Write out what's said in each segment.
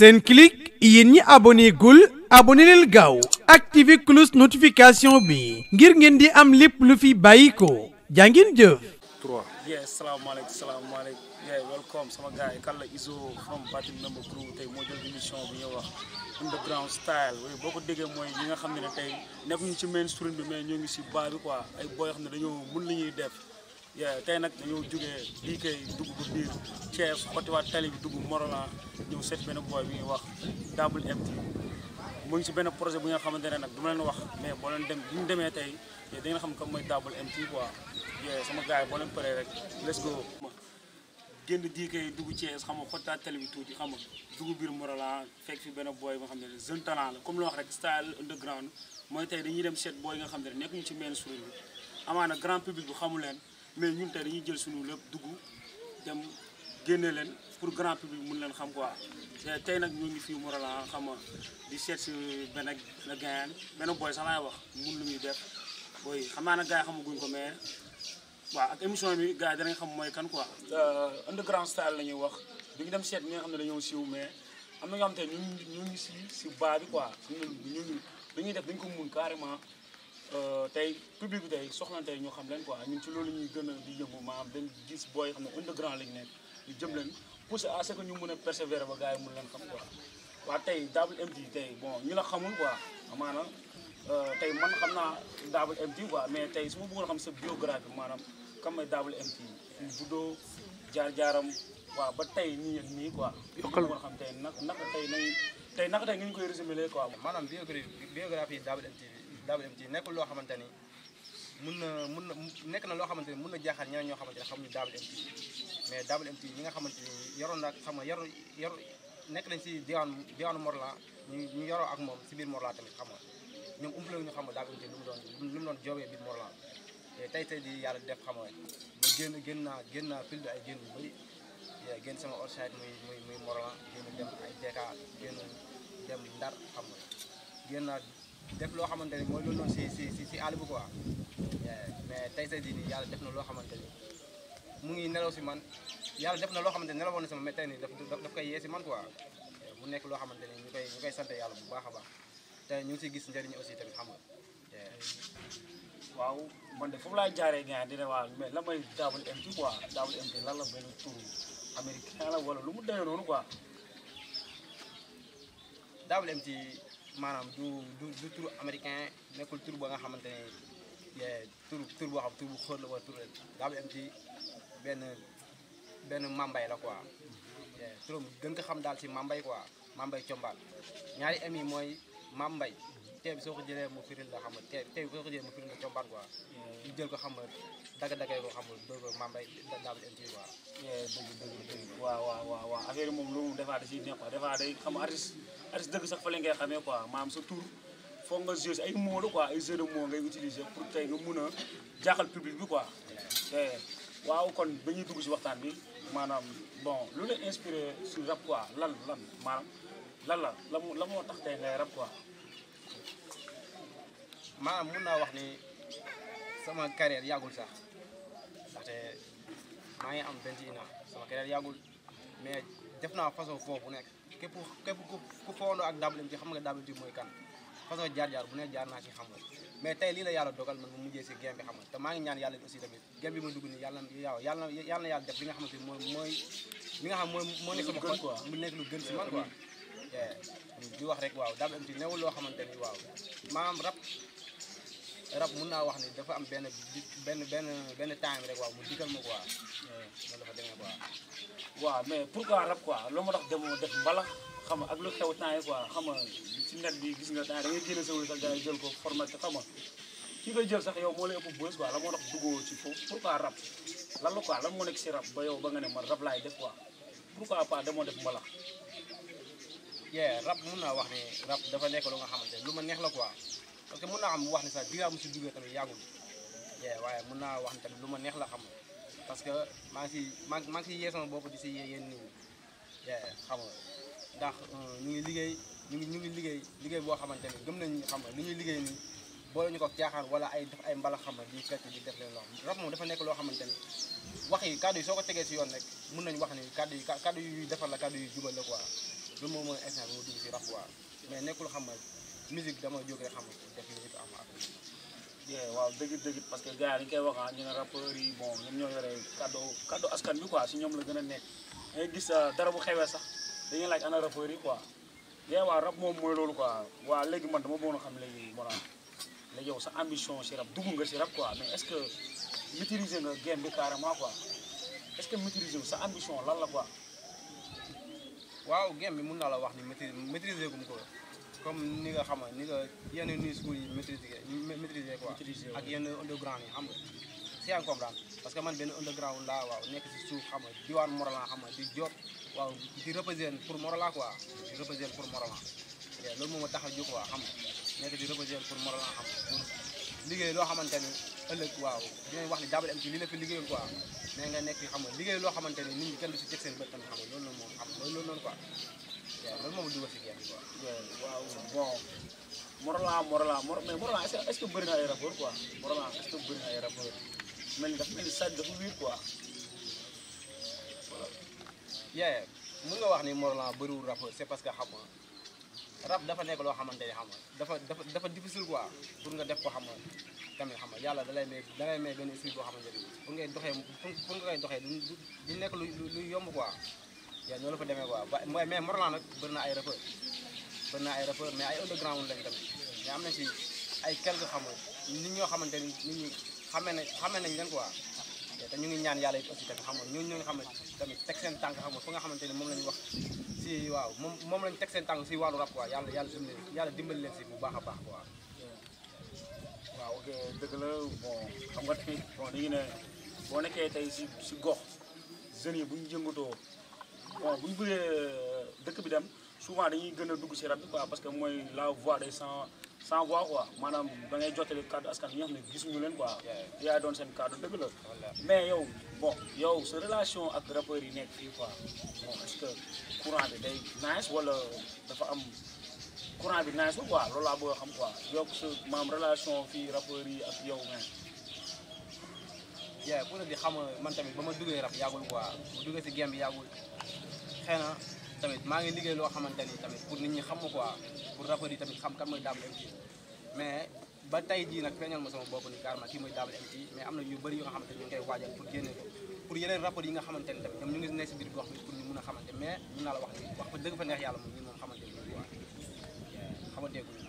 Senclic yéen ñi abonné gul abonné leen gaaw activé cloche notification bi ngir ngeen di am lépp lu fi bàyyi ko jàngin jëf. 3. yes salaamaaleykum salaamaaleykum yeah welcome sama gars yi kàlla Izo from Batim Number Crew tey moo jël émission bi ñuy wax underground boo ko déggee mooy ñi nga xam ne ne tey nekkuñu ci mainstream bi mais ñoo ngi si baa bi quoi ay booy xam ne dañoo mën li ñuy def. tey nag dañoo jógee lii kay dugg bu biir Thiès xottiwaat tali bi dugg Morolan ñëw seet benn boy bi ñuy wax Double MT mu ngi si benn projet bu nga xamante ne nag du ma leen wax mais boo leen dem bu demee tey da ngeen xam comme mooy Double MT quoi sama gars yi boo leen paree rek let's go. génn dii kay dugg Thiès xam nga xottaat tali bi tuuti xam nga dugg biir Morolan fekk fi benn boy boo xam ne jeune talent comme la wax rek style underground mooy tey dañuy dem seet boy yi nga xam ne nekk ñu ci main street bi amaana grand xamu leen. mais ñun tey dañuy jël suñu lépp dugg dem génne leen pour grand public mun leen xam quoi te tey nag ñu ngi fii Morolan ah xam nga di seet si benn la gayaan benn booy sax laay wax mun lu muy def booy xam naa nag gars yi xamaguñ ko mais waaw ak émission bi gars yi danañ xam mooy kan quoi. Euh, underground style la ñuy wax du ñu dem seet ñi nga xam ne dañoo siiw mais am na ñoo am te ñu ñu ngi si si baa bi quoi ñu ngi dañuy def dañ ko mun carrément. Euh, tey public bi tey soxla tey ñu xam leen quoi ñun ci loolu ñuy gën a di yëngu maanaam dañ gis booy xam ne underground lañu nekk ñu jëm leen poussé à ce que ñu mun a persévérer ba gars yi mun leen xam quoi waaw tey Double MT tey bon ñu la xamul quoi maanaam euh, tey man xam naa Double MT quoi mais tey su ma bëggoon xam sa biographie maanaam kam may Double MT ñu juddoo jaar-jaaram waaw ba tey nii ak nii quoi yokkal bëggoon xam tey nag naka tey nañ tey naka tey ni ñu koy résumé quoi maanaam biographie Double MT WMG nekkul loo xamante ni mun na mun na nekk na loo xamante ni mun na jaaxal ñeneen ñoo xamante ne xamuñu WMG mais WMG ñi nga xamante ni yoroon na xam nga yaru yaru nekk nañ si diwaanu diwaanu Morla ñu ñu yaroo ak moom si biir Morla tamit xam nga ñoom umpale wu ñu xam nga WMG lu mu doon lu mu doon joobee biir Morla tey tey di yàlla def xam nga ma génn génn naa génn naa fil ay génn yu bëri génn sama orside muy muy muy Morla génn dem ay Deka génn dem Ndar xam nga génn naa def loo xamante ni mooy loolu noonu si si si si mais tey tey jii yàlla def na loo xamante ni mu ngi nelaw si man yàlla def na loo xamante ni nelawoon na si man mais daf daf koy si man quoi mu nekk loo xamante ni ñu koy ñu sant yàlla bu baax baax te ñu ngi siy gis njëriñ aussi tamit xam nga. waaw man de foofu laa jaaree gars dina ne waaw mais la may Double MT quoi Double MT lan la benn tur américain la wala lu mu demee noonu quoi. Double MT. maanaam du du du tur américain nekkul tur ba nga xamante ne tur tur boo xam tur bu xóot la wala tur daa am ci benn benn mambay la quoi turam gën ko xam daal ci mambay quoi mambay combaan ñaari am yi mooy mambay tey bi soo ko jëlee mu firil la xam nga tey tey bi soo ko jëlee mu firil la combaan quoi ñu jël ko xam nga daga dagay ko xam nga dóor ko mambay daal di am ci quoi dëgg dëgg dëgg waaw waaw waaw waaw affaire moom lu mu defaa da ciy nekk quoi defaa day xam artiste artiste dëgg sax fa leen ngay xamee quoi maanaam sa tur foog nga jeu ay mots la quoi ay jeu de mots ngay utiliser pour tey nga mun a jaaxal public bi koi te eh, waaw kon ba ñuy dugg si waxtaan bi maanaam bon lu la inspiré sur rap quoi lan lan maanaam lan la la la moo tax tey ngay rap quoi maanaam mun naa wax ni sama carrière yàggul sax ndaxte maa ngi am 21 ans sama carrière yàggul mais def naa façon foofu nekk képp képp ku foonoo ak Dame Lim xam nga Dame Lim mooy kan façon jaar-jaar bu ne jaar naa ci xam nga mais tey lii la yàlla dogal man mu mujjee si game bi xam nga te maa ngi ñaan yàlla aussi tamit game bi ma def li nga xamante mooy mooy li nga xam mooy moo nekk sama xol quoi mu nekk lu gën si man quoi di wax rek waaw Dame Lim ci newul loo xamante ni waaw maanaam rap rab mun naa wax ni dafa am benn benn benn benn time rek waaw mu dikkal ma quoi loolu dafa demee quoi waaw mais pour pourquoi rab quoi loo ma tax demoo def mbalax xam nga ak lu xew temps yi quoi xam nga ci net bi gis nga temps da ngay génne sa wér sax gars yi jël ko formaté xam nga ki koy jël sax yow moo lay ëpp bës quoi la moo tax duggoo ci foofu pourquoi rab lan la quoi lan moo nekk si ba yow ba nga ne ma rab laay def quoi pourquoi pas demoo def mbalax. yeah rab mun naa wax ne rab dafa nekk lu nga de lu ma neex la quoi parce que mun naa am wax ne sax diwaa mu si duggee tamit yàggul yeah waaye mun naa wax ne tamit lu ma neex la xam. parce que maa ngi si maa maa ngi si yee sama bopp di si yee yéen nit xam nga ndax euh, ñu ngi liggéey ñu ngi ñu ngi liggéey liggéey boo xamante ni gëm nañ xam nga li ñuy liggéey nii ko caaxaan wala ay def ay xam nga di fekk di def leen loo rab moom dafa nekk loo xamante ni wax yi kàddu yi soo ko tegee si yoon rek mën nañu wax ni kàddu yi kàddu yu defar la kàddu yu jubal la quoi loolu moom mooy instant bi dugg si rab quoi mais nekkul xam nga musique dama jógee xam nga def am ak waaw dëgg dëgg parce que gars yi dañ koy wax ah, ñu ne rappeurs yi bon ñoom ñoo yore kaddu kaddu bi quoi si ñoom la gën a nekk dangay gis ah, dara bu xewee sax dañuy laaj ana rappeurs yi quoi yee waaw rap moom mooy loolu quoi waaw léegi man dama bëggoon a xam léegi mona la yow sa ambition si rap dugg nga si rap quoi mais est-ce que maîtriser nga game bi carrément quoi est-ce que maîtriser sa ambition lan la ko waaw game bi mun naa la wax ni maîtriser gum ko comme ni nga xam ni nga yenn nuyu suuf yi maîtriser maîtriser quoi. ak yenn underground yi xam si yaa comprendre parce que man benn underground laa waaw nekk si suuf xam nga diwaan Morolan xam nga di jot waaw di représenter pour Morolan quoi di représenter pour Morolan loolu moo tax a xam nga nekk di représenter pour Morolan xam liggéey loo xamante ni ëllëg waaw dinañ wax ni Double MT lii la fi liggéeyul quoi mais nga nekk xam nga liggéey loo xamante ni nit ñi kenn du si teg seen bët tamit xam nga loolu noonu moom loolu moom dugal si kenn quoi waaw bon Morolan Morolan Mor mais Morolan est ce que bëri na ay rapport quoi Morolan est ce que bëri na ay rapport mel ni dafa mel ni Sadio dafa wiir quoi yee mën nga wax ni Morolan bëriwul rapport c' est parce que xam nga rap dafa nekk loo xamante ni xam nga dafa dafa dafa difficile quoi pour nga def ko xam nga tamit xam nga yàlla dalay may dalay may benn esprit boo xamante ni pour ngay doxee pour nga koy doxee du du nekk lu lu yomb quoi te noonu la fa demee quoi waaye mais Morolan nag bëri na ay rappeurs bëri na ay rappeurs mais ay underground lañ tamit mais am na si ay quelques xamul ni ñoo xamante ni nit ñi xamee nañ xamee nañ leen quoi te ñu ngi ñaan yàlla it aussi tamit xam nga ñooñu ñoo xam ne tamit teg seen tànk xam nga fa nga xamante ni moom la ñu wax si waaw moom moom la teg seen tànk si wàllu rap quoi yàlla yàlla dimbali yàlla dimbali leen si bu baax a baax quoi. waaw ok dëgg la bon xam nga tamit bon dañu ne boo nekkee tey si si gox jeunes yi bu ñu jëngatoo. bon bu ñu bëggee euh, dëkk bi dem souvent dañuy gën a dugg si rab bi quoi parce que mooy la voix des sans sans voix quoi maanaam da ngay jottali kàddu askan ñoo xam ne gis gisuñu leen quoi yaay doon seen kàddu dëgg la mais yow bon yow sa relation ak rappeurs yi nekk fii quoi bon est que courant bi day nice wala dafa am courant bi nice quoi loolu laa bëgg xam quoi yokk sa maam relation fii rappeurs yi ak yow mais yaa pour bi xam man tamit ba ma duggee rap quoi ma si game bi yàggul xëy na tamit maa ngi liggéey loo xamante ni tamit pour nit ñi xam ma quoi pour rappeurs yi tamit xam kan mooy Dable MC mais ba tey jii nag feeñal ma sama bopp ni carrément kii mooy Dable MC mais am na yu bëri yu nga xamante ni ñu ngi koy waajal pour génne ko pour yeneen rappeurs yi nga xamante ni tamit ñoom ñu ngi nekk si biir gox bi pour ñu mun a xamante mais mun naa la wax ni wax fa dëgg fa neex yàlla moom ñun moom xamante ni quoi xamanteeguñu nag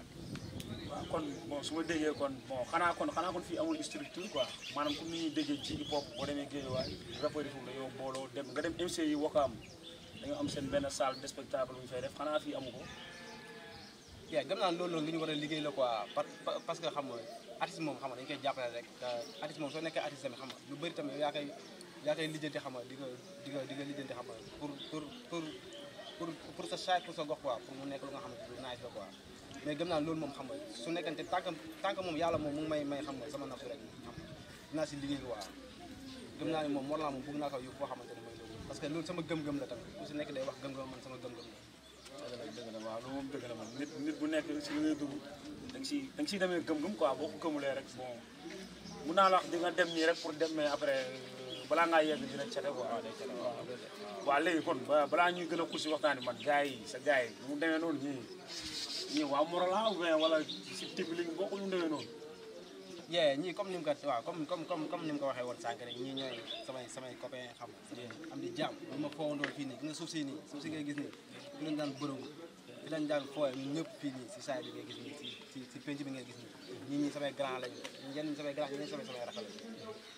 waaw kon bon su ma déggee kon bon xanaa kon xanaa kon fii amul structure quoi maanaam comme ni ñuy déggee ci hip hop boo demee géej waay rappeurs yi foofu la yow booloo dem nga dem MC yi Wakaam dañoo am seen benn salle de spectacle bu ñu xanaa fii amu a liggéey la quoi parce que xam nga moom xam nga dañu koy jàppale rek artiste moom soo nekkee artiste sa chaque pour sa gox quoi pour mu nekk lu nga xam ne lu nice la quoi mais gëm naa loolu moom xam nga su nekkante tant que moom yàlla moom mu may may xam nga sama nafsu rek xam nga si liggéey quoi gëm naa ne moom Mont Rolland moom bëgg naa ko yóbbu foo xamante ne parce que loolu sama gëm-gëm la tamit ku si nekk day wax gëm-gëm man sama gëm-gëm la. man nit nit bu nekk si li ngay dugg da demee gëm-gëm quoi boo ko gëmulee rek bon mun naa la wax di nga dem nii rek pour dem mais après euh, balaa ngaa yegg dina cete quoi ah, waaw day cete waaw waaw léegi kon balaa ñuy gën a xuus si waxtaan man gars yi sa gars yi mu demee noonu ñii ñii waa Morolan ou bien wala si type li ñu bokk ñu demee noonu yee ñii comme ni mu ko waaw comme comme comme comme ni mu ko waxee woon sànq rek ñii ñooy samay samay copain ñëpp fii nii si saay bi si si bi ngay gis ñii ñii samay grand lañ yenn ñi samay grand ñeneen samay samay raxal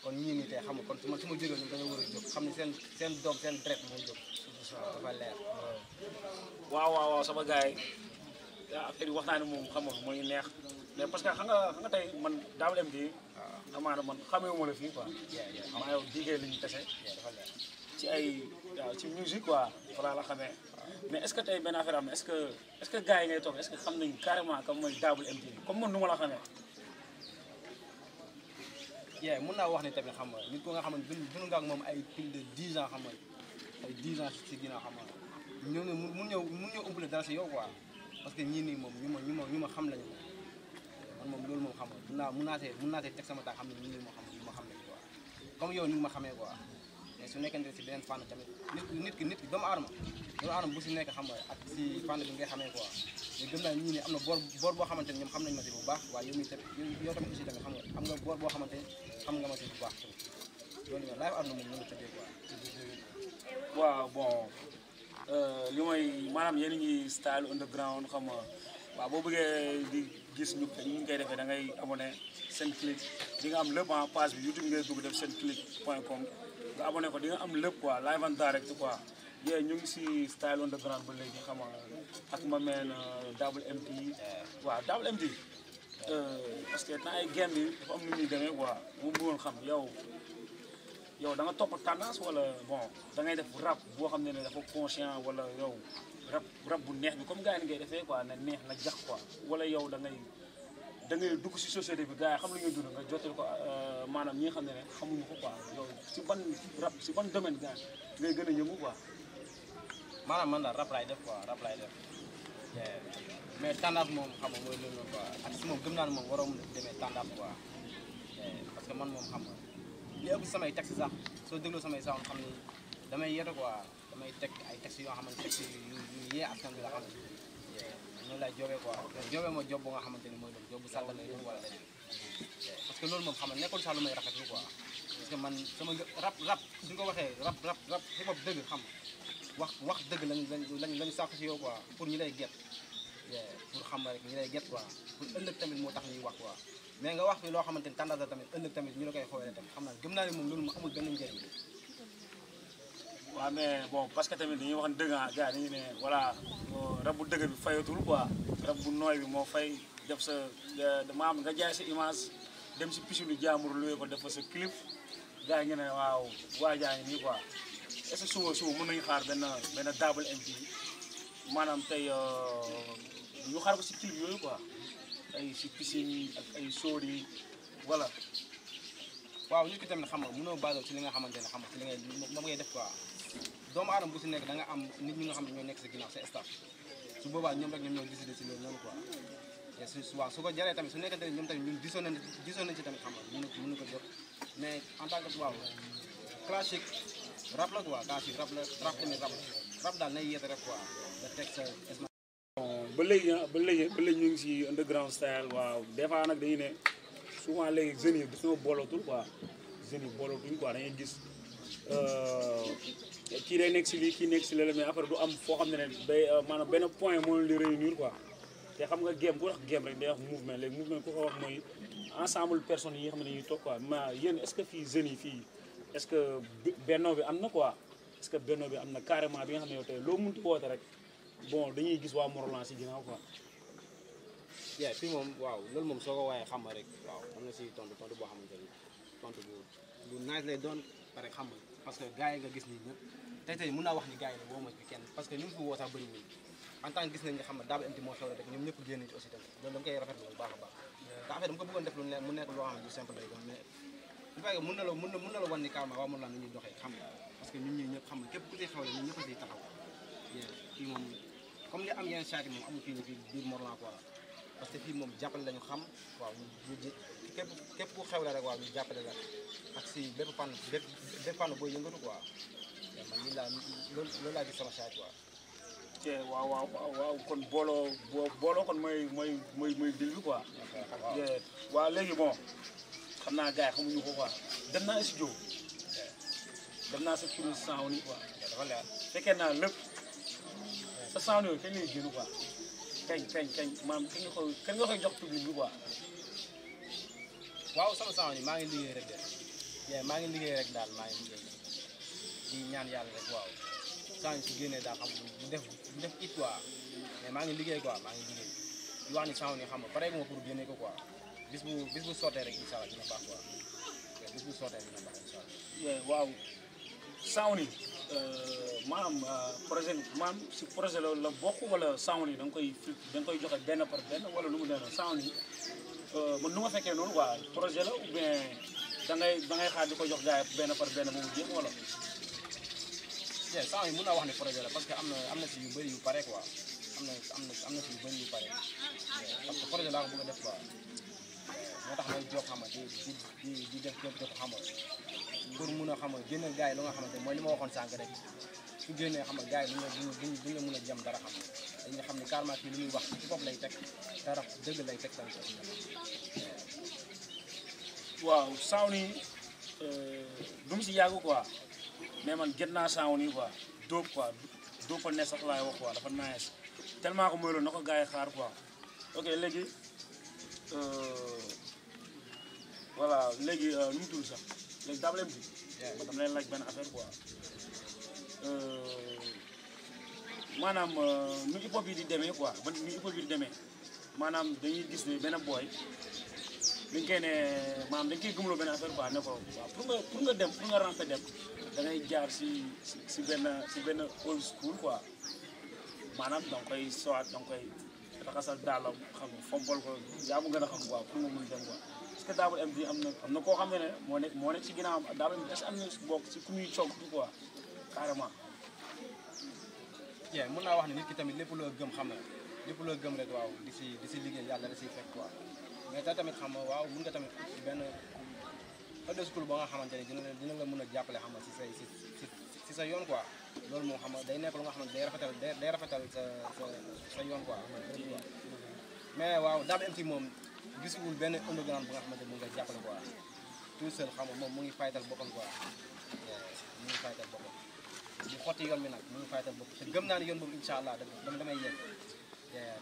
kon ñii nii tey xam nga kon su ma su ma jógee ñun dañoo war a xam ne seen seen doom seen dret mooy jóg dafa leer waaw waaw waaw sama gars yi affaire yi wax naa ne moom xam nga mooy neex mais parce que xam nga xam nga man daaw dem bii. waaw xamaa ne man fii quoi. xam nga yow diggee li ñu tase. ci ay waaw ci musique quoi voilà la xamee. mais est ce que tey benn affaire am na est ce que est ce que gars yi ngay toog est ce que xam nañ carrément ma la naa wax ne tamit xam nga nit ko nga xam ne dund nga ak moom ay plus de dix ans xam nga ay dix xam nga ñëw ne mun ñëw mun ñëw umpale dara yow quoi parce que ñii nii moom ñu ma ñu ma ñu ma xam lañu kon moom loolu moom xam nga mun naa mun naa see mun naa see teg sama taa xam ne ñun ñi ñu ma xam ne quoi comme yow ni ma ki nit ki doomu aadama doomu xam nga ak si fànn bi ngay xamee quoi mais gëm naa ñii ne am na boor boor boo xamante ne ñoom xam nañ ma si bu baax waaye yow mi tamit yow tamit aussi tamit xam ma si bu baax tamit loolu yow laay aduna moom a tëddee quoi waaw euh, gis ñu ñu ngi koy defee da ngay abonné Senclic di nga am lépp en ah, page bi YouTube ngay dugg def senclic.com nga abonné ko di am lépp quoi live en direct quoi yee ñu ngi si style on the ground ba léegi xam nga ak ma meen euh, double MT waaw double MT euh, parce que ay genn yi dafa am nu muy mu bëggoon xam yow yow da nga topp tendance wala bon da ngay def rap boo xam ne ne dafa conscient wala yow rab rab bu neex bi comme gars yi ngay defee quoi na neex na jax quoi wala yow da ngay da ngay dugg si société bi gars yi xam la ñuy dund nga jotal ko euh, maanaam ñi nga xam ne ne xamuñu ko quoi yow si ban si ban domaine gars ngay gën a yëngu quoi maanaam man daal rab laay def quoi rab laay def mais tàndaaf moom xam nga mooy loolu quoi ak si moom gëm naa ne moom waroon na demee tàndaaf quoi parce que man moom xam nga li ëpp samay taxi sax soo dégloo samay sax xam ni damay yetu quoi damay teg ay textes yoo xamante textes yu yu yee askan bi la xam ne noonu laay joobee quoi joobee mooy nga xamante ne mooy doon job bu sàggal lay doon wala leneen parce moom xam ne nekkul sax lu may rafetlu quoi parce man sama rap rap suñ ko waxee rap rap rap hip hop dëgg xam wax wax dëgg lañ lañ lañ sàkku si yow quoi pour ñu lay gett pour xam rek ñu lay gett quoi pour ëllëg tamit moo tax ñuy wax quoi mais nga wax fi loo xamante ni tendance tamit ëllëg tamit ñu la koy xoolee tamit xam naa gëm moom loolu mu amul benn njëriñ waaw mais bon parce que tamit dañuy wax ne dëgg ah gars dañuy ne voilà rab bu dëgg bi fayatul quoi rab bu nooy bi moo fay def sa maam nga jaay sa image dem si piscine jàmbur luwee ko def fa sa clip gars ngi ñu ne waaw waajaa ngi nii quoi est ce que suba suba mën nañu xaar benn benn double maanaam tey euh, ñu xaar ko si clip yi ak ay sóor yi voilà. waaw nit ki tamit xam nga mënoo basé ci li nga xamante ne xam nga ci li ngay def quoi. doomu aadama bu si nekk da nga am nit ñi nga xam ne ñoo nekk sa ginnaaw sa staff su boobaa ñoom rek ñoom ñoo décidé si loolu ñoom quoi te su waaw su ko jaree tamit su nekkante ne ñoom tamit ñun gisoon nañ gisoon nañ si tamit xam nga mënu ko jot mais en tant que waaw classique rap la quoi classique rap la rap tamit rap rap daal nay yeete rek quoi da teg sa ba léegi ba léegi ba léegi ñu ngi si underground style waaw des fois nag dañuy ne souvent léegi jeunes yi dañoo boolootul quoi jeunes yi boolootuñ quoi dañuy gis euh, kii day nekk si lii kii nekk si lële mais après du am foo xam ne ne day euh, maanaam benn point moo leen di réunir quoi te xam nga game ku wax game rek day wax mouvement léegi mouvement ku ko wax mooy ensemble personnes yi nga xam ne ñuy toog quoi ma yéen est ce que fii jeunes yi fii est ce que bennoo bi am na quoi est ce que bennoo bi am na carrément bi nga xam ne yow tey loo mënti woote rek bon dañuy gis waa Morolan si ginnaaw quoi. yaa fii moom waaw loolu moom soo ko waaye xam rek waaw am na si tontu tontu boo xamante ni tontu bu bu naaj lay doon pare xam parce que gars yi nga gis nii ñëpp. tey tey mën naa wax ni gars yi ne woo ma ci kenn parce que ñu ngi fi woo sax bëri wuñ en gis nañ nga xam ne daaba indi moo xew rek ñoom ñëpp génn ci aussi a baax ndax affaire dama ko xam ne parce que ñun ñii ñëpp xam nga képp ku siy xewle moom comme li am yeneen saati xam waaw ñu ñu képp képp ku xewle rek waaw ñu jàppale la ak si bépp fànn bépp bépp fànn booy yëngatu quoi man lii laa loolu loolu laa gis sama saa quoi. waaw waaw waaw kon booloo booloo kon mooy mooy mooy mooy bi quoi. waaw léegi bon xam naa gars yi xamuñu ko quoi dem naa studio dem naa sa turu saaw ni quoi dafa leer fekkee naa lépp sa saaw ni yooyu kañ lay génn quoi kañ kañ kañ maam kañ nga koy kañ nga koy bi quoi. waaw sama saaw ni maa ngi liggéey rek de maa ngi liggéey rek daal maa ci ñaan yàlla rek waaw saa si génnee daa xam bu def bu def it quoi mais maa ngi liggéey quoi maa ngi liggéey di wax ni sànq ni xam nga pare ma pour génne ko quoi bis bu bis bu sottee rek incha allah dina baax quoi bis bu sottee dina waaw sànq ni euh, maanaam euh, projet maanaam si projet la la bokk wala sànq ni da nga koy da koy joxe benn par benn wala lu mu demee sànq ni euh, man ma fekkee noonu waa projet la ou bien da ngay da ngay xaar di ko jox gars yi benn par benn ba mu jéem bien eh, sang yi naa wax ne projet la parce que am na am na si yu bëri yu pare quoi am na am na am na si yu bëri yu pare eh, parce que projet laa ko bëgg a def quoi eh, moo tax may jóg xama di di di def képp ko xama yi lu nga xamante mooy li ma waxoon sànq rek su génnee xama gars yi duñ duñ la mun a jëm dara xam dañuy xam ne carrément kii li muy wax ci lay teg dara dëgg lay teg tamit waaw saaw ni du mu si yàgg quoi mais man gën naa saawu nii quoi dóob quoi dóob fa ne sax wax quoi dafa nice tellement que mooy loolu na ko gars xaar quoi ok léegi euh, voilà léegi euh, nu mu tudd sax léegi daam bi ma laaj benn affaire quoi euh, maanaam nu hip hop di demee quoi man nu hip hop di demee maanaam dañuy gis ne benn booy dañ koy ne maanaam dañ koy gëmloo benn affaire quoi ne ko pour nga dem pour nga rente dem dangay ngay jaar si si benn si benn old school quoi maanaam da nga koy soit da nga koy raxasal daalam xam nga fompal ko yaa mu gën a xam quoi pour mu mun dem quoi. est am na am na koo xam ne moo nekk moo nekk si ginnaawam Dabo MD est-ce am na bokk si ku muy coog quoi carrément. bien mën naa wax ne nit ki tamit lépp loo gëm xam na lépp loo gëm rek waaw di si di si liggéey yàlla da siy fekk quoi mais te tamit xam nga waaw mën nga tamit benn. ëllëg ba nga xamante ne dina la dina a jàppale xam nga si say si sa yoon quoi loolu moo xam day nekk lu nga xam ne day rafetal day rafetal sa sa sa yoon quoi. mais waaw Dame MT moom gisuwul benn underground bu nga xamante ne mu ngi koy jàppale quoi tout seul xam nga moom mu ngi faytal boppam quoi mu ngi faytal boppam. bu xotti yoon bi nag mu ngi faytal boppam te gëm naa ne yoon boobu incha allah dama damay yegg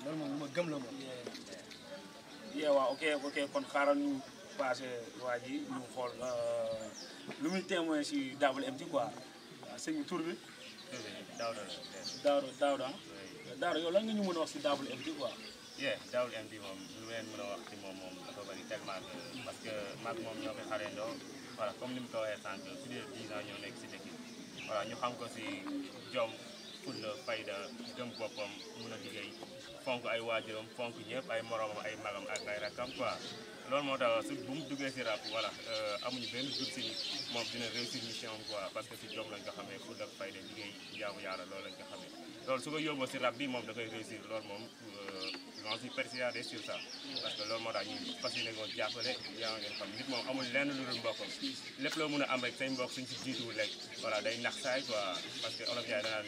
loolu moom lu ma gëm la moom. yeah waaw ok ok kon xaaral ñu. passé waa ji ñu xool euh, lu muy témoin si WMT quoi waaw sëñ bi tur bi. Daouda Daouda Daouda Daouda yow lan nga ñu mën a wax si WMT quoi. yeah WMT moom lu leen mën a wax si moom moom dafa bëri tellement que parce que mag moom ñoo koy xareendoo voilà comme ni mu ko waxee sànq su dee 10 ans nekk si dëkk voilà ñu xam ko si jom fulla fayda gëm boppam mun a liggéey fonk ay waajuram fonk ñëpp ay moromam ay magam ak ay rakkam quoi. loolu moo tax su bu mu duggee si rap voilà euh, amuñu benn doute si moom dina réussir mission am quoi parce que si jom lañ ko xamee pour def fayda liggéey jaamu yàlla loolu lañ ko xamee loolu moom da koy moom j'en euh, suis persuadé sur ça parce que loolu moo tax ñu fas yéene ko jàppale yaa ngeen xam nit moom amul lenn lu dul mbokkam lépp loo mën a am rek say mbokk suñ si jiituwul rek voilà day nax saay quoi parce que olof yaay danaan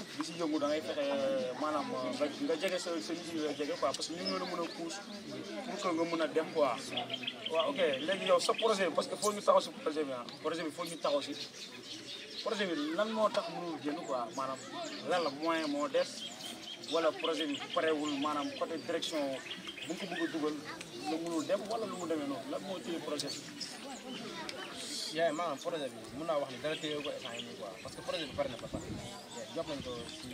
di si yëngu da ngay fexe nga jege sa sa nit yi parce que ñu ngi leen a mën a pousse pour que nga mën a dem quoi. waaw ok léegi yow sa projet parce que foo ñu taxaw si projet bi ah projet bi lan moo tax mënul génn quoi maanaam lan la moyen moo des wala projet bi parewul maanaam côté direction bu nga ko bëgg a dugal lu mënul dem wala lu mu demee noonu lan moo téye projet bi. yaay maanaam projet bi mën naa wax ni dara téye ko état yi nii quoi parce que projet bi pare na ba pare. jox nañ ko si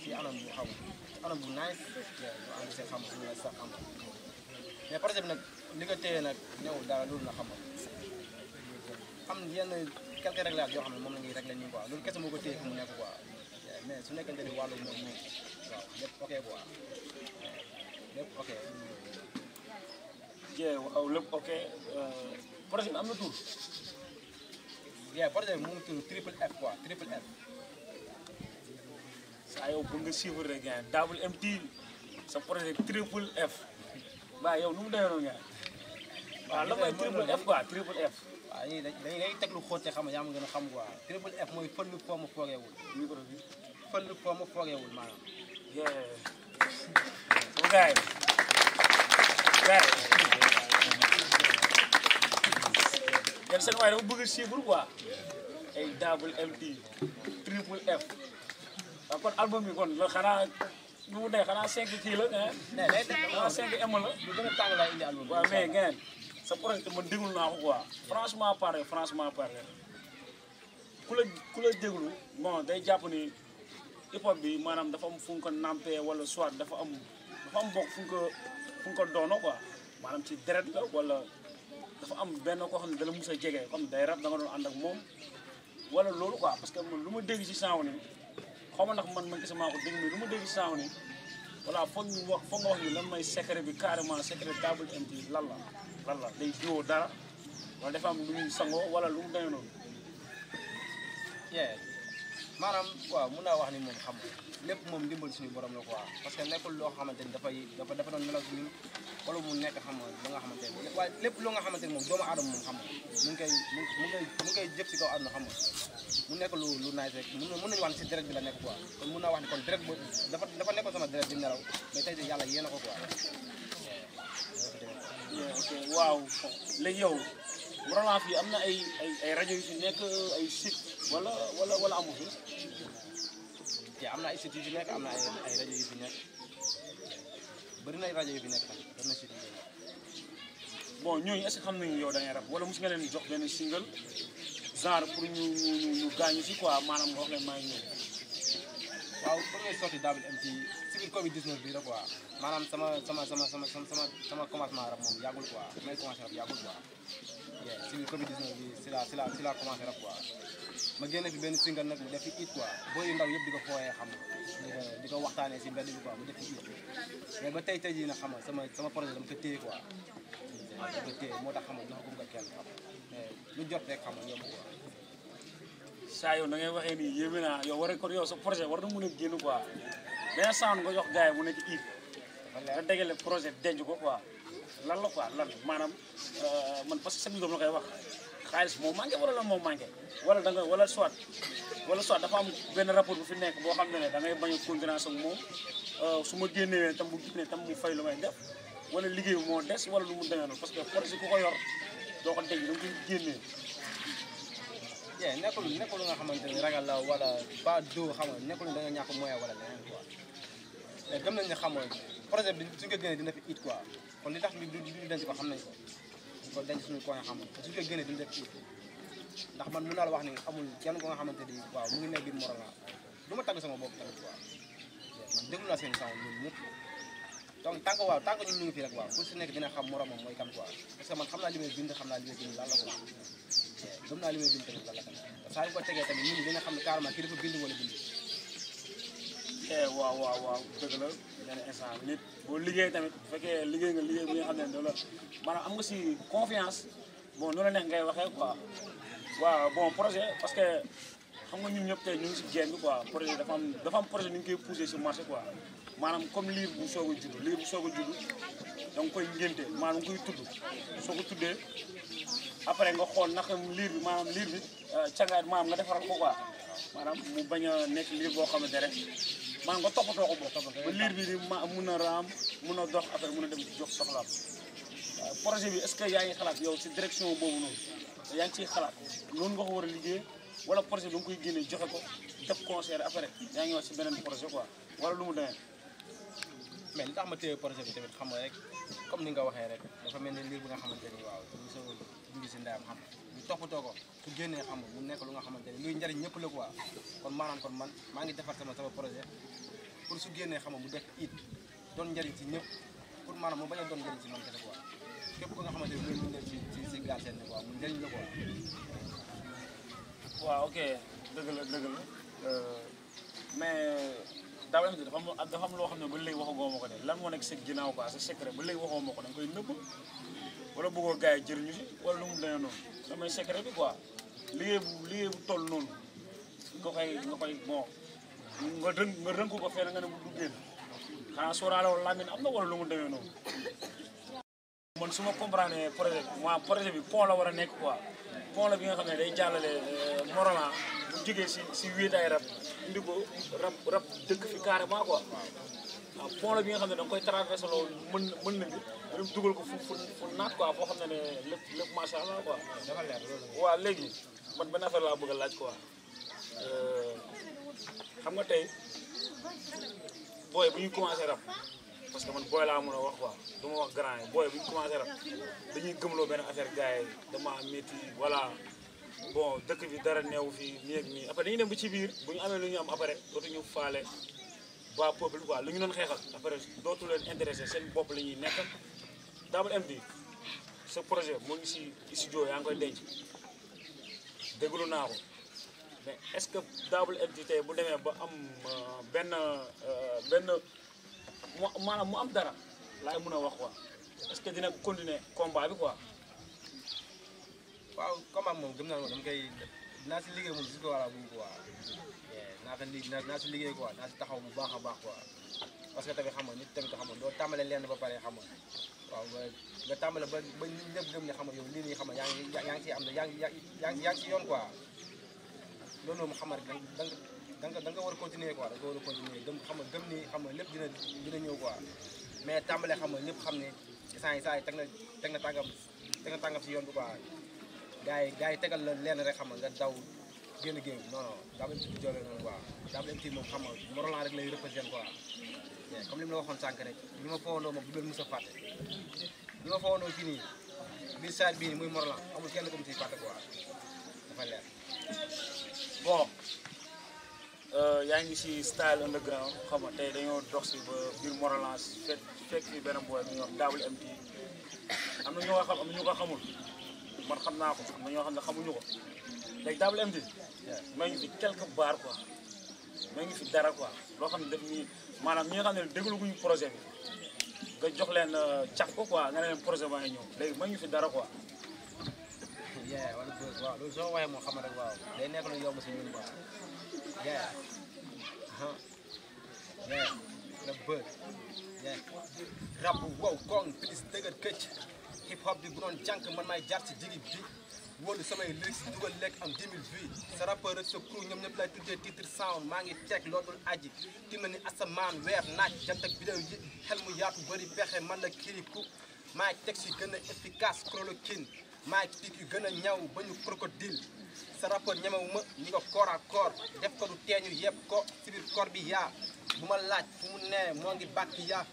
si anam bu xaw anam bu naaj ñu ànd si xam suñu sax am mais projet bi nag li ko téye nag ñëwul dara loolu la xamal am yenn quelques réglages yoo xam ne moom la ñuy réglé nii quoi loolu kese moo ko téye fu mu nekk quoi mais su nekkante ni wàllu moom moom waaw lépp ok quoi lépp ok. jee waaw lépp ok euh, projet bi am na tur. bien projet bi mu ngi tur triple F quoi triple F. saa yow nga suivre rek ngeen double MT sa projet triple F waaw yow nu mu doyoon ngeen waaw la mooy triple F quoi triple F. waaw yii dañuy teg lu xóotee xam nga yaa ma gën xam quoi triple F mooy fël ma foogeewul. micro bi fël lu foo ma foogeewul maanaam. sama gars yi gars yi. ay double MT triple F. Ah, kon album bi kon la xanaa bu mu dee xanaa 5 kii la nga ne. day def xanaa 5 M la. bu gën a tàng laa indi album. waaw mais ngeen sa projet bi man déglu naa ko quoi franchement parler franchement parler ku la ku la déglu bon day jàpp ni hip hop bi maanaam dafa am fu nga ko nampee wala soit dafa am dafa am bokk fu nga ko fu nga ko doonoo quoi maanaam ci deret la wala. dafa am benn koo xam ne dala mus a jege comme day rab da nga doon ànd ak moom wala loolu quoi parce que man lu ma dégg ci saaw ni xaw ma ndax man man gisuma ko dégg mais lu ma dégg saaw ni voilà foog ñu nga wax ni lan mooy secret bi carrément secret Double MT lan la lan la day diwoo dara wala dafa am lu ñuy sangoo wala lu mu demee noonu maanaam waaw mun naa wax ni moom xam lépp moom dimbal suñu borom la quoi parce que nekkul loo xamante ni dafay dafa dafa doon melaw suñu xam lu nga xamante ni waaye lépp lu nga xamante ni mu ngi koy mu ngi koy ngi koy jëf si kaw àdduna xam mu nekk mun nañu wax ne si direct bi la nekk quoi kon mun naa wax ni kon direct boobu dafa dafa nekkoon sama direct bi nelaw mais tey jii yàlla yéena ko quoi waaw yow relance bi am na ay ay ay rajo yu fi nekk ay site wala wala wala amu am na ay site yu nekk am na ay ay rajo yu fi nekk bëri na ay rajo yu fi nekk na site yu fi nekk bon ñooñu est xam nañu yow da ngay rab wala mos nga leen jox benn single genre pour ñu ñu gaañu si quoi maanaam nga wax leen maa ngi waaw ba ngay sotti Double MT si biir Covid 19 bi la quoi maanaam sama sama sama sama sama sama commencement rab moom yàggul quoi may commencé rab yàggul quoi. si Covid 19 si la si la si la commencé ma génne fi benn single nag mu def fi it quoi booy ndaw yëpp di ko fooyee xam di ko waxtaanee si mbedd bi quoi mu def fi it mais ba tey tey jii nag xam na sama sama projet dama ko téye quoi dama moo tax xam nga joxagum nga kenn xam mais lu jot rek xam nga ñoom quoi. saa yow da ngay waxee nii yéeme naa yow war ko yow sa projet war na mën a génn ko benn sound nga jox gars yi mu nekk it nga dégale projet denc ko quoi. lan la quoi lan maanaam euh, man parce que sa biir la koy wax xaalis moo manqué wala lan moo manqué wala da nga wala soit wala soit dafa am benn rapport bu fi nekk boo xam ne ne da ngay bañ a concurrence ak moom euh, su ma génnee tam bu gis ne tam mu fay lu may def wala liggéey moo des wala lu mu demee noonu parce que projet ku ko yor doo ko dégg da nga koy génnee. bien nekkul nekkul nga xamante ni ragal la wala ba doo xam nekkul da nga ñàkk moyen wala leneen quoi. mais gëm nañ ne xamoon projet bi suñ ko génnee dina fi it quoi kon li tax ñu du ñu denc ko xam nañ ko kon denc suñu ko nga xam suñ ko génnee dina def it ndax man mën naa la wax ni amul kenn ko nga xamante ni waaw mu ngi nekk biir moral la du ma tàgg sama bopp tamit quoi man déglu naa seen son ñun ñëpp donc tant que waaw tant que ñun ñu ngi fi rek waaw ku si nekk dina xam moromam mooy kan quoi parce que man xam naa li may bind xam naa li may bind lan la ko gëm naa li may bind tamit lan la ko saa yu ko tegee tamit ñun dina xam ne carrément kii dafa bind wala bind Eh, waaw waaw waaw dëgg la benn instant nit boo liggéey tamit bu liggéey nga liggéey bu nga xam ne am nga si confiance bon noonu la nekk ngay waxee quoi waaw bon projet parce que xam nga ñun ñëpp ñu ngi si geen bi projet dafa am dafa am ngi koy poussé si marché quoi maanaam comme livre bu soog a judd livre bu soog a judd da koy ngénte maanaam nga koy tudd soo tuddee après nga xool naka livre bi maanaam livre bi euh, cangaay maanaam nga defaral ko quoi maanaam mu bañ a nekk livre boo xamante rek maa nga toppatoo ko boobu ba liir bi di ma mun a raam mun a dox après mun a dem jox soxlaam waaw euh, projet bi est-ce que yaa ngi xalaat yow si direction boobu noonu yaa ngi ciy xalaat noonu nga ko war a liggéey wala projet bi da koy génne joxe ko def concert après yaa ngi wax si beneen projet quoi wala lu mu demee. mais li tax ma téye projet bi tamit xam nga rek comme ni nga waxee rek dafa mel ni liir bi nga xamante ni waaw ñu ngi si ndeyam xam toppatoo ko su génnee xam mu nekk lu nga xamante ni luy njëriñ ñëpp la quoi kon maanaam kon man maa ngi defar sama sama projet pour su génnee xam mu def it doon njëriñ si ñëpp pour maanaam mu bañ a doon njëriñ si man kese quoi képp ko nga xamante ni muy dundal si si si gaal seen quoi mu njëriñ la quoi. ok dëgg la dëgg la. Euh, daa am dafa am dafa xam ne ba léegi waxagoo ma ko de lan ba léegi waxoo ma ko da lu mu demee noonu damay secret bi quoi liggéey bu liggéey bu toll noonu nga koy nga koy nga dën nga rënku ko fenn nga ne bu duggee xanaa sóoraale wala làmmiñ am na wala lu mu demee noonu. man suma ma comprendre projet bi moi bi pont la war a nekk quoi pont la bi nga xam ne day jàllale euh, Morolan bu jógee si si wéet ay rab. niveau rab rab dëkk fi carrément quoi. waaw pont la bi nga xam ne da koy traversé mën na mën na dugal ko fu fu naat quoi boo xam ne ne lépp lépp macha allah quoi. waaw léegi man ba affaire laa bëgg a laaj quoi euh, xam nga tey booy bu ñu commencé rab parce que man booy laa mën a wax quoi du ma wax grand yi booy bu ñu commencé rab dañuy gëmloo benn affaire gars yi damaa métti bon dëkk bi dara neewu fii nii ak nii après dañuy dem ba ci biir bu ñu amee lu ñu am après dootuñu faale waa peuple quoi lu ñu doon xeexal après dootu leen intéressé seen bopp la ñuy nekkal Double MD sa projet moo ngi si studio yaa ngi koy denc déglu naa mais est-ce que Double MD tey bu demee ba am euh, benn euh, benn mu maanaam mu am dara laay mën a wax quoi est que dina continuer combat bi quoi waaw comme ak moom gëm naa ne naa si liggéey moom jusqu'à wàll bu quoi naa ko li naa si liggéey quoi naa si taxaw bu baax a baax quoi parce que tamit xam nga nit tamit xam nga doo tàmbale leen ba pare xam nga waaw nga nga tàmbale ba ba nit ñëpp ne xam nga yow lii nii xam nga yaa ngi yaa ngi si am na yaa ngi yaa ngi yoon quoi loolu moom xam nga rek da da nga da nga war a continuer quoi da continuer gëm xam nga gëm ni xam lépp dina dina ñëw quoi mais tàmbale xam nga ñëpp xam ne saa yi saa yi teg na teg na tàngam teg na si yoon bi quoi gars yi gaa yi tegal la leen rek xam nga daw génn géew non non Dame MTV joole noonu quoi Dame MTV moom xam nga Morolan rek lay waxoon sànq rek li ma fowandoo moom bu a fàtte li ma bii muy Morolan amul kenn comme si fàtte quoi dafa euh, yaa ngi si style underground xam nga tey dañoo dox si ba biir Morolan fekk fekk benn booy bu ñuy wax Dame am na ñoo xam ñu ko xamul. man xam naa ko ma ñoo xam ne xamuñu ko léegi Dable MD ma ngi fi quelques bar quoi maa ngi fi dara quoi loo xam ne daf ñuy maanaam ñu nga xam ne dégluguñu projet bi nga jox leen euh, càq ko quoi nga projet baa ngi ñëw léegi maa fi dara ko yaa wala boobu waaw loolu soo waaye moo xam rek waaw day nekk lu yomb si ñun quoi yaa yaa la bëgg yaa rab wow koŋ pis dëgër këcc hip hop bi bu doon jànk man maay jaar si jigi bi wóolu samay lyrics dugal lekk am 10 ak sa crew ñoom ñëpp lay tuddee titre sound maa ngi teg loodul aji tim na ni asamaan weer naaj jant ak vidéo yi xel mu yaatu bari pexe man na kiriku maa teg si gën a efficace chloroquine maay tik yu gën a ñaw ba ñu crocodile sa rappeur ñemewu ma ñi ko corps à corps def ko du teeñu yëpp ko si biir corps bi yaa bu ma laaj fu mu nee moo ngi bàkk yaa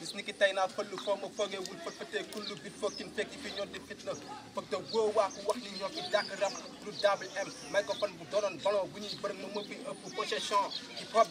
bis ni ki tey naa fëllu foo ma fogeewul fët fëtee kullu bit fokkin fekki da woo waaku wax ni ñoo ki dàkk rap lu double M microphone bu doonoon ballon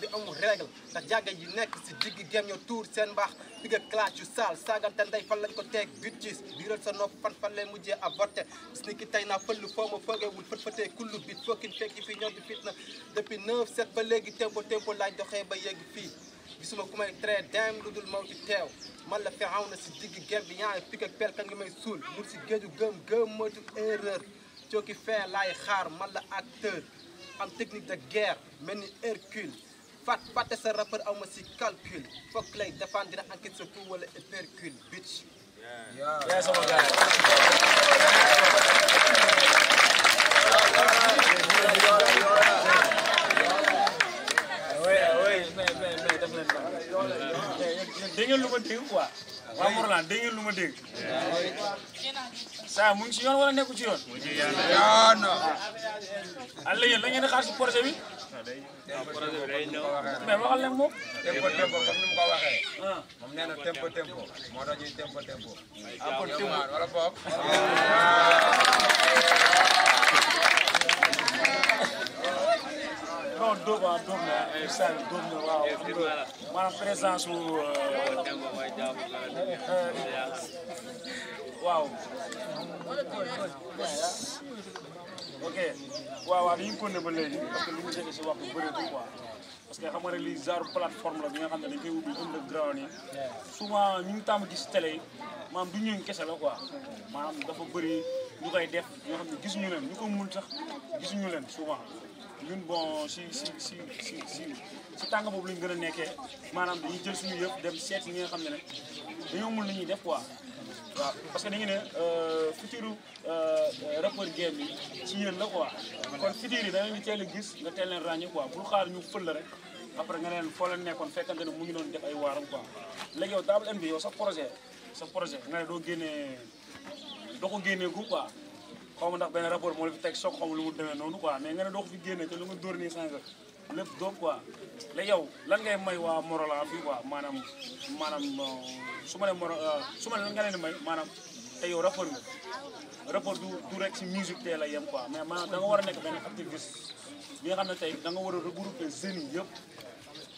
bi amul règle ndax jàgge yi nekk si digg gem ñoo tuur seen mbaax digg clash yu saal saagante ndey fan lañ ko teeg but gis sa nopp fan fan lay mujjee avorté bis ni ki tey naa fëllu foo ma fogeewul fët fëtee kullu bit fokkin fekki fi ñoo di fit na depuis 9 7 ba léegi tempo tempo laaj doxee ba yegg fii gisuma ku may traité daam lu dul maw teew man la fexaw na si digg ger bi yaa ngi pik ak pelka ngi may suul bur si géeju gëm gëm moytu erreur cooki fee xaar man la acteur am technique de guerre mel Hercule fat fàtte sa rappeur aw ma si calcul fokk lay défendre dina enquête sa tout wala Hercule bitch dégg ngeen lu ma dégg quoi. waaw Morlan dégg ngeen lu ma dégg. saa mu ngi si yoon wala nekku ci yoon. yoon. àll yéen la ngeen di xaar si projet bi. mais waxal leen moom. tempo tempo ah. tempo tempo moo tax tempo non dóob waaw eh, waaw xam nga maanaam présence su. Euh, waaw. ok waaw waaw léegi si wax bu bëri quoi parce que xam nga rek lii genre plateforme la bi nga xam ne dañ koy ubbi underground yi souvent ñu ngi tàmm gis télé yi maanaam du ñu kese la quoi maanaam dafa bëri ñu koy def ñoo xam ne gisuñu leen ñu ko mun sax gisuñu leen souvent. ñun bon si si si si si si tàng boobu lañu gën a nekkee maanaam ñu jël suñu yëpp dem seet ñi nga xam ne ne dañoo mën li ñuy def quoi waaw parce que dañu ne euh, futur euh, rappeur game yi ci yéen la quoi kon futur yi da nga ñu teel a gis nga teel leen ràññee quoi bul xaar ñu fël la rek après nga leen foo nekkoon fekkante ne mu ngi doon def ay waaram quoi léegi yow Dable M bi yow sa projet sa projet nga ne doo génnee doo ko génnee gu quoi xaw ma ndax benn rapport moo la fi teg soog xaw ma lu mu demee noonu quoi mais nga doo ko fi génne te lu nga dóor nii sànq lépp doog la yow lan ngay may waa Morolan fii quoi maanaam maanaam euh, su ma ne Moro euh, su ma ne lan nga leen may maanaam te yow rapport nga rapport du du rek si musique te la yem quoi mais maanaam da war a nekk benn activiste bi nga xam ne tey da nga war a regrouper jeunes yi yëpp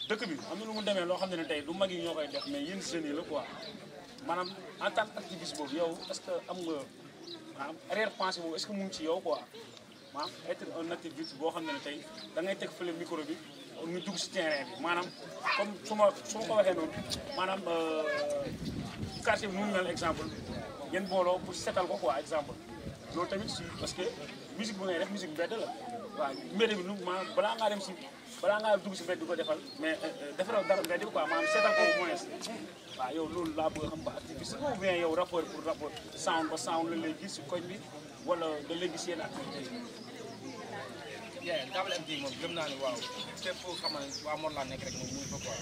dëkk bi am na lu mu demee loo xam ne ne tey du mag yi ñoo koy def mais yéen jeunes yi la quoi maanaam en tant que activiste yow est que am nga maanaam arrière pensée boobu est-ce que mu ngi ci yow quoi maanaam être un activiste boo xam ne ne tey da ngay teg fële micro bi ñu dugg si terrain bi maanaam comme su ma su ma ko waxee noonu maanaam euh, quartier bi mu ngi mel exemple ngeen booloo pour setal ko quoi exemple loolu tamit si parce que musique bu ngay def musique mbedd la waaw mbedd bi nu maanaam balaa ngaa dem si balaa ngaa dugg si mbedd di ko defal mais euh, euh, defaral dara mbedd quoi maanaam seetal ko au moins waaw yow loolu laa bëgg xam nga activiste ou bien yow rapport pour rapport sound ba sound la lay gis si koñ bi wala da lay gis yenn activité moom dem naa ne waaw fépp foo xam ne waa Mor laa nekk rek moom muy fa quoi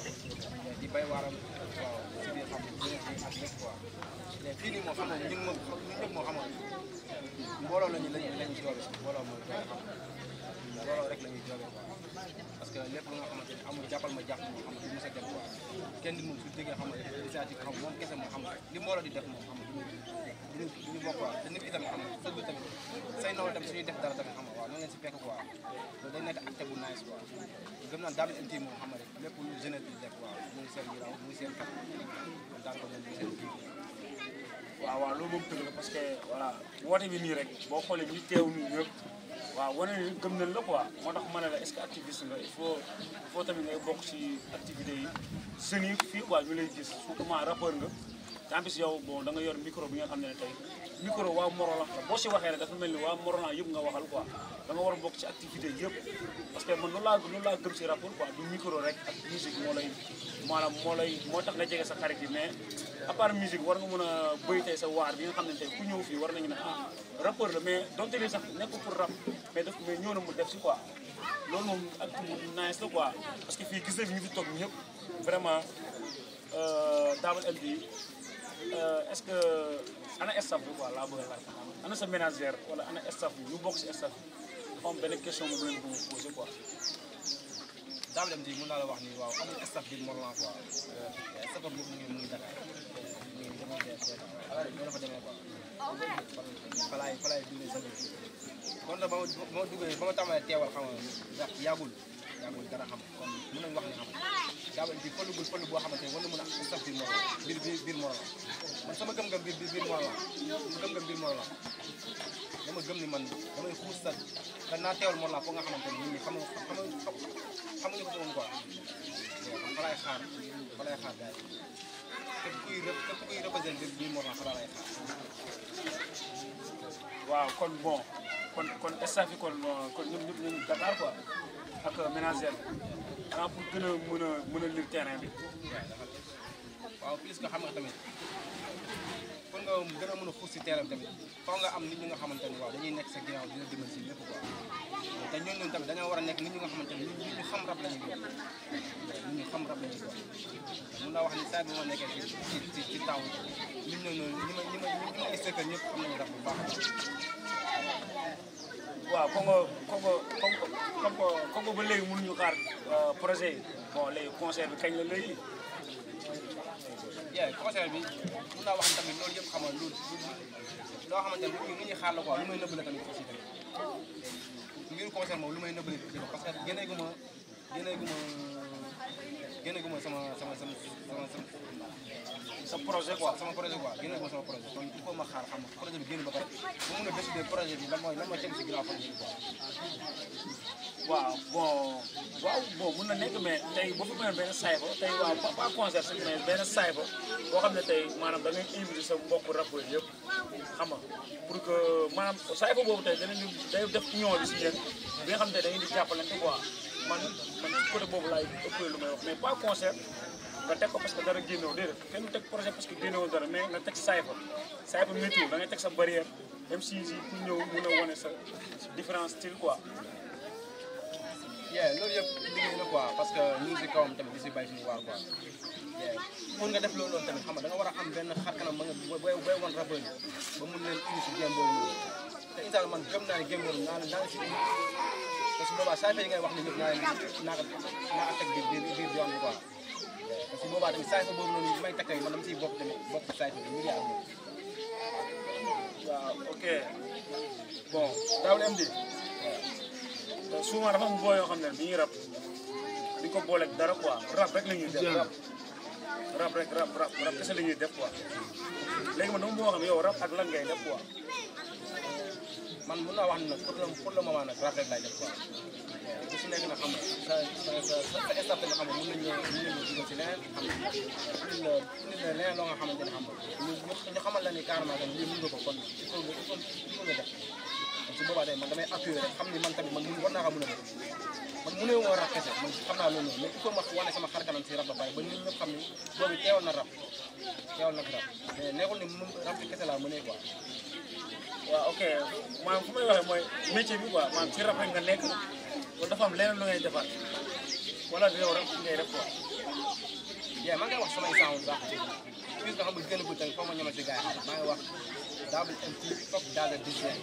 di bay waaram waaw ak lépp quoi fii nii moo xam ne ñun moom ñun ñëpp moo xamoon mbooloo lañu lañu lañu joobe mbooloo mooy mbooloo rek lañuy joobe parce lépp nga xamante ne amul jàppal ma jàpp moo xam ne du mos a dem quoi kenn moom su déggee xam nga initiative xam di def moom xam nga duñu duñu bokk quoi te nit ki tamit xam nga dara tamit xam waaw noonu leen si fekk quoi loolu day nekk acte bu nice quoi daal lépp lu jeunesse bi def quoi muy seen ginnaaw ko moom muy seen waaw waaw loolu moom dëgg la parce que voilà woote bi nii rek boo xoolee ñi teew nii ñëpp waaw wane gëm nañ la quoi moo tax ma ne la est-ce que activiste nga il faut il tamit ngay bokk ci activité yi jeunes yi fii quoi ñu lay gis surtout rappeur nga te en plus yow bon da nga yor micro bi nga xam ne ne tey micro waa Morolan boo si waxee rek dafa mel ni waa Morolan yëpp nga waxal quoi da war a bokk ci activité yëpp parce que man noonu laa noonu si rapport quoi du micro rek ak musique moo lay maanaam moo lay moo tax nga jege sa xarit yi mais à part musique war nga mën a bëy tey sa waar bi nga xam ne tey ku ñëw fii war nañu ne ah rappeur la mais donte ni sax nekk pour rap mais daf mais ñëw na mu def si quoi loolu moom ak mu nice la quoi parce fi toog ñëpp vraiment daawal el bi est-ce que ana staff bi quoi laa bëgg a laaj ana sa ménagère wala ana staff bi ñu bokk si staff bi dafa am benn question bu leen bëgg a posé quoi. daaw dem di mën naa la wax ni waaw amul staff bi Mont Rolland quoi staff boobu mu ngi mu ngi Dakar mu ngi demoon DRDR dafa demee quoi. falaay falaay dundee sa bopp kon nag ba ma duggee ba ma tàmbalee teewal xam nga ndax yàggul. amul a xam kon a nañu wax ne xam daawal bi fëlugul fëlu boo xamante ne wala mun a sax biir moroom biir biir moroom man sama gëm-gëm biir biir moroom gëm-gëm biir dama gëm ni man damay xuus sax te naa teewal moroom laa foog nga xamante ne nit ñi xamuñu xamuñu xamuñu ko woon quoi fa lay xaar fa lay xaar gars yi képp kuy rep képp kuy représenté biir moroom fa laa lay xaar waaw kon bon kon kon staff yi kon euh, kon ñoom ñëpp ñu Dakar quoi ak ménagère bi xanaa pour gën a mën a mën a lire terrain bi. waaw plus nga xam nga tamit pour nga gën a mën a xuus si terrain bi tamit faaw nga am nit ñi nga xamante ne waaw dañuy nekk sa ginnaaw dina dimbali si lépp quoi. te ñooñu noonu tamit dañoo war a nekk nit ñi nga xamante ne nit ñu xam rab la ñu nit ñu xam rab la ñu mun naa wax ni saa bi ma nekkee ci ci ci taw nit ñooñu noonu ñi ma ñi ma ñi ma ay secteur ñëpp xam nañu rab bu baax waaw Congo Congo Congo Congo ba léegi mënuñu xaar euh, projet yi bon léegi concert bi kañ la léegi. yaa concert bi mun naa wax ni tamit loolu yëpp xam nga loolu loo xamante ne lu ñuy xaar la quoi lu muy nëbb la tamit aussi tamit. mbiru concert moom lu may nëbëri di wax parce que génneegu ma génneegu ma génneegu ma sama sama sama sama. sa projet quoi sama projet quoi génne ko ma xaar xam projet bi génn ba pare mooy lan mooy bon waaw bon mun na nekk mais tey boo ko mënoon benn saay ba tey xam ne tey maanaam da ngay invité sa mbokk rappeur yëpp xam nga pour que maanaam saay boobu tey danañu day def union bi si yéen xam ne da ngeen jàpp jàppalante quoi man man côté boobu laay ëppee lu ma wax mais pas concert. nga teg ko parce que dara génnewu déedéet kenn du teg projet parce que génnewu dara mais nga teg saay fa saay fa météo da teg sa barrière même si si ku ñëw mën a wane sa différence style quoi yeah loolu yëpp liggéey la parce que ñu ngi si kawam si bay suñu waar nga def loolu tamit xam nga da war a am benn xar kanam ma nga bay bay woon rappeur ba mun leen indi si boobu noonu te incha allah man gëm naa ne game boobu naa naa si indi parce que boobaa saa yi ngay wax ne ñëpp naa leen naa ko naa ko teg biir biir biir yoon bi quoi parce que boobaa tamit saa boobu noonu li may takk man dama siy bokk tamit bokk saa bi ñu ngi am waaw ok bon daaw la am di souvent dafa am boo yoo xam ne dañuy rab di ko booleeg dara quoi rab rek la ñuy def rab rab rek rab rab rab kese la ñuy def quoi léegi man dama boo xam yow rab ak lan ngay def quoi. man mun naa wax ne nag pour le pour le moment nag rab rek laay def quoi bu si nekk nag xam nga sa sa sa sa étape nga xam ne mun nañu mun nañu dugal si leneen xam nga indil la indil la leneen loo nga xamante ne xam nga ñu ñu xamal la ni carrément que lii mun nga ko kon il faut nga il faut il faut nga def kon su boobaa day man damay appuyer rek xam ni man tamit man mun war naa ko mun a def man mu ne woon rab kese man xam naa loolu noonu mais il faut ma wane sama xar kanam si rab ba bàyyi ba nit ñëpp xam ni boobu teewoon na rab teewoon na rab mais nekkul ni moom rab bi kese laa mu ne quoi waaw ok maanaam fu may waxee mooy métier bi quoi maanaam ci rab rek nga nekk wala dafa am leneen lu ngay defar wala yow rek ngay def quoi. yaa ma ngay wax samay sànq bu baax fii nga xam ne gën a gudd foo ma ñëwaat si gars yi maa ngi wax double MT fop daal di business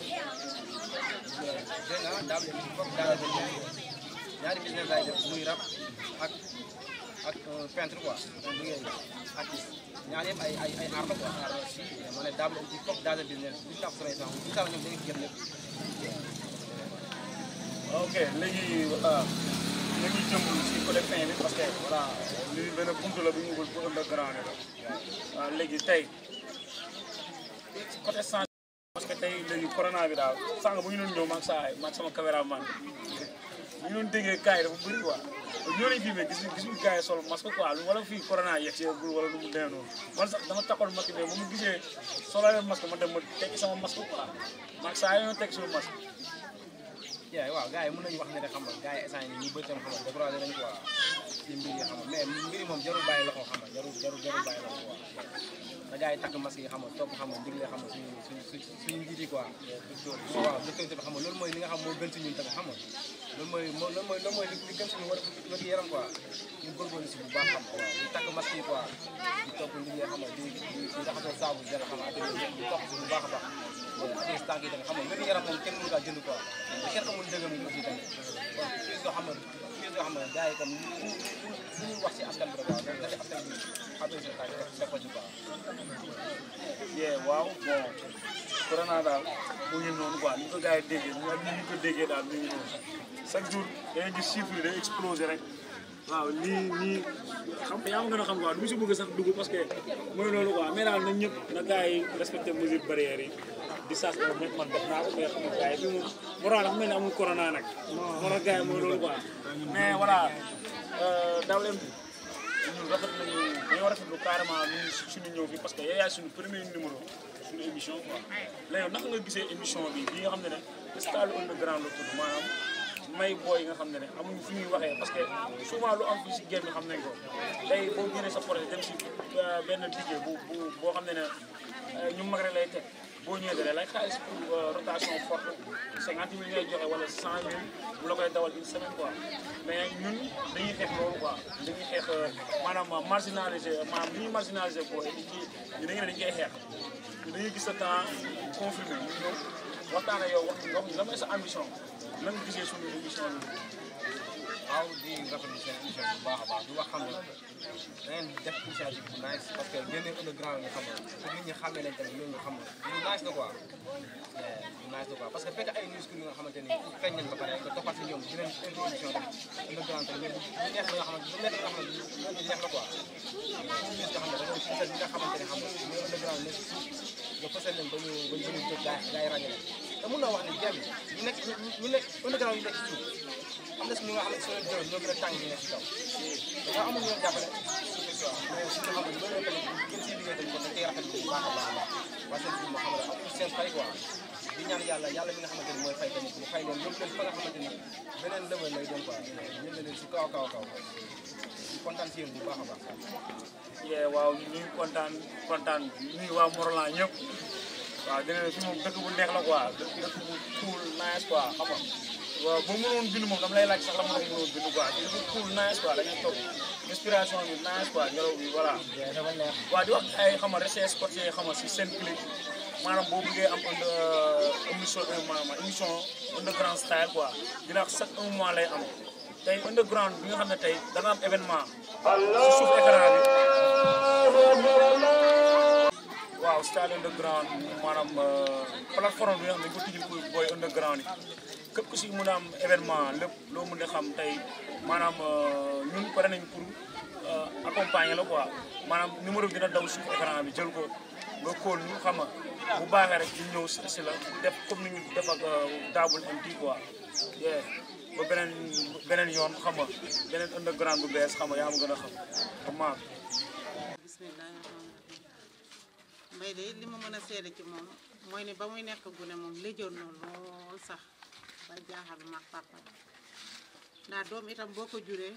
dégg nga double MT fop daal di business ñaari business laay def muy rab ak. ak peintre quoi liggéey ak ay ay ay art quoi daal aussi foog daal léegi que tey côté parce que tey léegi corona daal sànq bu ñu doon ñëw maag saa maag sama caméraman bi ñu doon déggee kaay dafa bëri quoi ñoo leen filmé gis gisuñu gars yi sol masque quoi lu wala fii corona yegg si bul wala lu mu demee noonu man sax dama takkoon masque bi ba mu gisee solale masque ma dem ma tekki sama masque quoi man saa yoo tekki suñu masque yeah waaw gars yi mën nañu wax ne de xam nga gars yi instant yii ñu bëri tam xam nga découragé nañu quoi ci mbir yi moom jarul bàyyi loxo xam jarul jarul loxo quoi na gars yi xam nga topp xam nga loolu mooy li nga xam moo gën si ñun tamit xam nga loolu mooy loolu mooy loolu mooy li gën suñu war wér yaram quoi ñu góorgóorlu si bu baax xam nga ñu takk masque yi quoi di topp ndigle xam nga di di raxasoo saabu jël xam nga di topp si bu baax a baax président yi tamit xam nga wér yaram moom kenn mënu kaa jënd quoi te kenn xamul dëggam yi aussi tamit yee waaw bon corona daal mu ngi noonu quoi ni ko gars déggee ñu ak ni ñu noonu chaque jour day gis chiffre yi day explosé rek waaw nii nii yaa ma gën a xam quoi du mu si bëgg sax dugg parce que mooy loolu quoi mais daal na ñëpp na gars yi respecté mesures yi distance boobu nag man def naa xam nga gars yi bi mu moo tax dafa mel ni nag. moo tax gars yi mooy euh, suñu ñëw bi parce que yaay suñu premier numéro émission quoi. léegi naka gisee émission bi bi nga xam ne ne Star Underground la may booy nga xam ne ne amuñu fi ñuy waxee parce que souvent lu am fi si génn xam nañ ko tey boo génnee sa projet dem si euh, benn liggéey boo xam ne ne euh, ñu mag lay teg. boo ñëwee da lay xaalis pour euh, rotation forte cinquante mille ngay joxe wala cent mille bu la koy dawal une semaine quoi mais ñun dañuy xeex loolu quoi dañuy xeex euh, maanaam marginalisé maanaam ni ñuy ko ci ñu dañu ne dañu koy xeex ñu dañuy gis sa temps confirmé ñu ñëw waxtaan ak yow ñu la mooy sa ambition nan nga gisee suñu émission bi waaw di rafetlu seen émission bu baax a baax di wax xam nga dangeen def initiative bu nice parce que génne le grand nga xam nga pour nit ñi xàmmee leen tamit ñoom ñu xam nga lu nice la quoi lu nice la quoi parce que fekk ay news yu nga xamante ni feeñ nañ ba pare nga toppat si ñoom dinañ indi émission bi le grand tamit bu neex la nga xamante bu neex la nga xamante lu neex la quoi news nga xam ne dafa succès bi nga xamante ne xam nga ñoom le grand nekk suuf nga fasal leen ba ñu ba ñu jóg gaay gaay ràññee te na naa ne jàmm ñu nekk ñu nekk nekk ci suuf am na si nga ne soo leen jëloon ñoo gën a tàng ñu nekk ci kaw dafa amul ñu leen jàppale ko dañ a a baax waa seen suñu di ñaan yàlla yàlla mi nga xamante ne mooy fay tamit mu fay leen yóbbu leen fa nga xamante ne beneen level lay doon kontaan si yéen bu baax a baax kontaan kontaan ñuy waa Morolan ñëpp waaw dina ne moom dëkk bu neex la quoi dëkk bu cool nice quoi xam nga waaw boo mënoon lay bi nice quoi ngelaw bi voilà. waaw di wax ay xam nga recherche côté si seen clip maanaam boo bëggee am une euh, émission euh, maanaam émission underground style quoi dina chaque un mois lay am tey underground bi nga xam ne tey dana am événement. si waaw style underground maanaam euh, plateforme bi nga xam ne ko tijjil ko booy underground yi képp ku si mën a am événement lépp loo mën a xam tey maanaam euh, ñun pare nañ pour euh, accompagner la quoi maanaam numéro bi a daw si écran bi jël ko nga kóol ñu xam nga bu baaxee rek ñu ñëw si la def comme ni ñu def ak Double MT quoi yeah ba beneen beneen yoon xam nga beneen underground bu bees xama yaa ma gën a xam xam may de li ma mën a seede ci moom mooy ni ba muy nekk gune moom léjoon na lool sax ba jaaxal ma papa ndax doom itam boo ko juree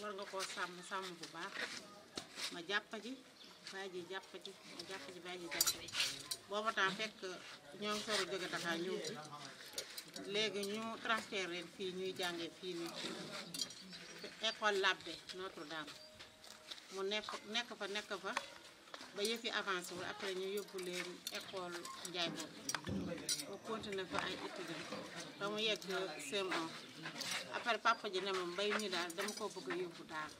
war nga koo sàmm sàmm bu baax ma jàppa ji baay ji jàppa ji ma jàppa ji baay fekk ñoo ngi soog a jóge Dakar ñëw fi léegi ñu transfert fii ñuy jànge fii nii école Labbe Notre-Dame mu nekk nekk fa nekk fa ba yëf yi avancé wul après ñu yóbbu leen école Ndiaye boobu ba continué fa ay étudiant ba mu yegg CM1 après papa ne ma mbay mi daal dama ko bëgg a yóbbu daal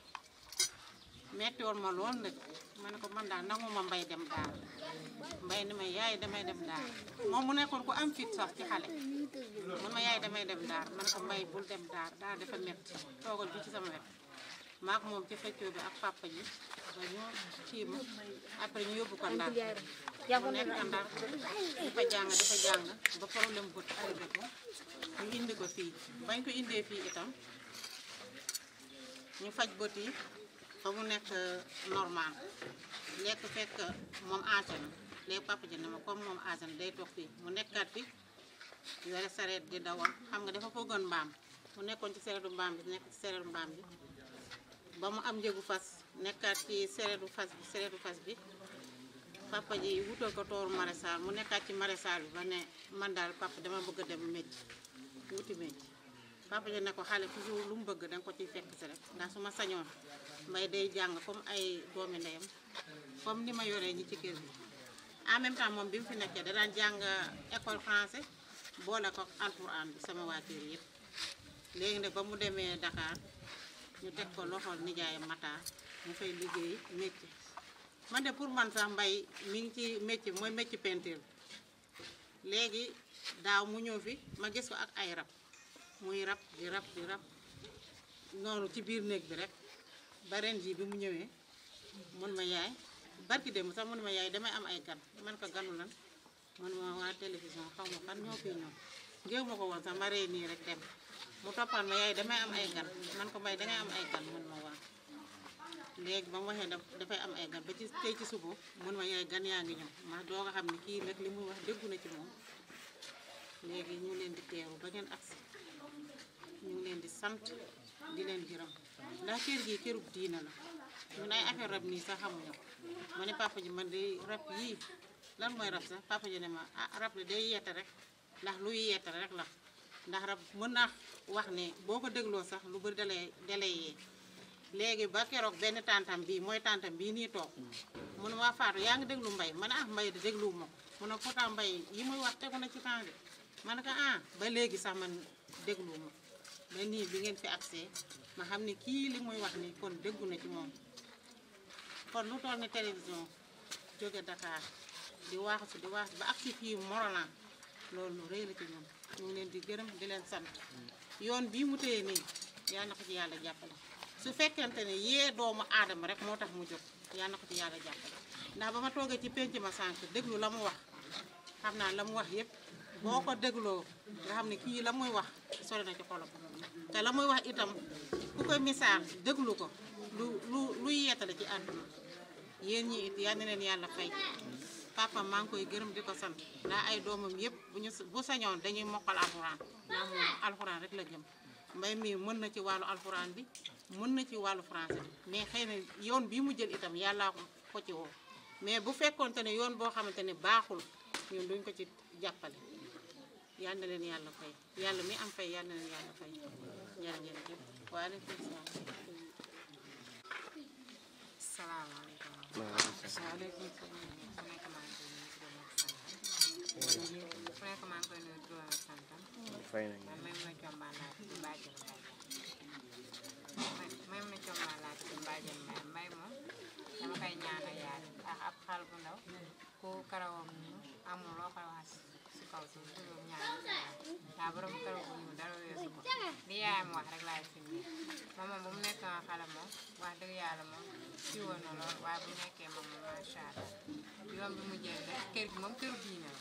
metti woon ma lool nag ma ne ko man daal nangu ma mbay dem daal mbay ni ma yaay damay dem daal moom mu nekkoon ku am fit sax ci xale man ma yaay damay dem daal man ne ko mbay bul dem daal daal defa metti toogal bi ci sama wet maak moom ci xëccoo bi ak papa ji ba ñu kii ma après ñu yóbbu ko ndar mu nekk ndar di fa jàng ba ko ko fii bañ ko indee fii itam ñu faj bët yi mu nekk euh, normal lekk fekk moom âgé na léegi papa ji ne ma comme moom âgé na day toog fii mu nekkaat fi yore sareet di dawal xam nga dafa foogoon mbaam mu nekkoon ci sareetu mbaam bi nekk ci sareetu mbaam bi ba mu am njëgu fas nekkaat ci sereetu fas bi sereetu fas bi papa ji wutal ko tooru maréchal mu nekkaat ci maréchal bi ba ne man daal papa dama bëgg a dem métti wuti métti papa ji ne ko xale toujours lu mu bëgg danga ko ciy fekk si rek su ma sañoon mbay day jàng comme ay doomi ndeyam comme ni ma yoree ñi ci kër gi en même temps moom bi mu fi nekkee da jàng école français boole ko alxuraan bi sama waa kër yëpp léegi nag ba mu demee Dakar ñu teg ko loxol nijaayam Matar mu fay liggéey métier man de pour man sax mbay mi ngi ci métier mooy métier peinture léegi daaw mu ñëw fi ma gis ko ak ay rab muy rab di rab di rab noonu ci biir néeg bi rek ba ren ji bi mu ñëwee mun ma yaay barki dem sax mun ma yaay damay am ay gan man ko ganu lan man ma waa télévision xaw ma fan ñoo fi ñëw géew ko woon sax ma ree nii rek dem bu toppoon ma yaay damay am ay gan man ko may dangay am ay gan mun ma waa léegi ba mu waxee dafay am ay gan ba ci tey ci suba mun ma yaay gan yaa ngi ñëw ma doo nga xam ne kii nag li mu wax déggu na ci moom léegi ñu leen di teeru ba ngeen agsi ñu ngi leen di sant di leen gërëm ndax kër gi kërub la ñun ay affaire rab nii sax xamuñu ma ne papa ji man de rab yii lan mooy rab sax papa ji ne ma ah rab la day yeete rek ndax luy yeete rek la ndax rab mën naa wax ne boo ko dégloo sax lu bëri dalay dalay yee léegi ba keroog benn tantam bii mooy tantam bii nii toog mun ma faatu yaa ngi déglu mbay man ah mbay di dégluwu ma mun a pourtant mbay yi muy wax tegu na ci temps bi man ko ah ba léegi sax man dégluwu ma ba nii bi ngeen fi accès ma xam ne kii li muy wax ni kon déggu na ci moom kon lu toll ni télévision jóge Dakar di waaxu si di waaxu ba ak si fii Morolan loolu lu rëy la ci ñoom ñu ngi leen di gërëm di leen sant yoon bii mu téye nii yal na ko ci yàlla jàppale su fekkente ne yee doomu aadama rek moo tax mu jóg yal na ko ci yàlla jàppale ndax ba ma toogee ci penc ma sànq déglu la mu wax xam naa la mu wax yëpp boo ko dégloo nga xam ne kii la muy wax sori na ci xolam te la muy wax itam ku koy misaal déglu ko lu lu lu yeetale ci àdduna yéen ñi it yal na leen yàlla fay papam maa ngi koy gërëm di ko san ndax ay doomam yëpp bu ñu sañoon dañuy mokkal alxuraan alxuraan rek la jëm mbay mi mën na ci wàllu alxuraan bi mën na ci wàllu français bi mais xëy na yoon bii mu jël itam yàlla ko ci woo mais bu fekkoonte ne yoon boo xamante ne baaxul ñun duñ ko ci jàppale yal na leen yàlla fay yàlla mi am fay yal na yàlla fay jërëjëf waaleykum salaam fay nañ même na combaan laa ci koy ñaanal yaay ndax ab xal bu ndaw ku karawam ñu si kaw suuf toujours ñaanal yaay ndax borom karaw bu ñu dara weesu ko li yaayam wax rek mu nekk nga xale moom wax dëgg yàlla moom ci woon na waaye bu nekkee moom macha allah yoon bi mu jël kër gi moom këru diine la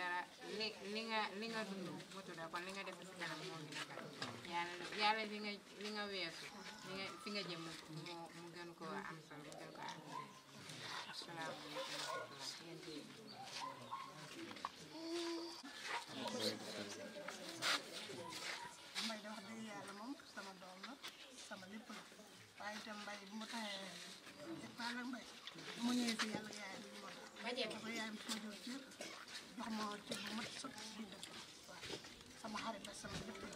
dara li li nga li nga dund motu la kon li nga def si kanam moo gën a bari yàlla li nga li nga weesu li nga fi nga jëm moo mu gën ko am solo mu gën koo am asalaamaaleykum mbay de wax dëgg yàlla moom mu taxee mbay ma jox ndax moo ci bu mat sëkk di def waaw sama xarit la sama lépp la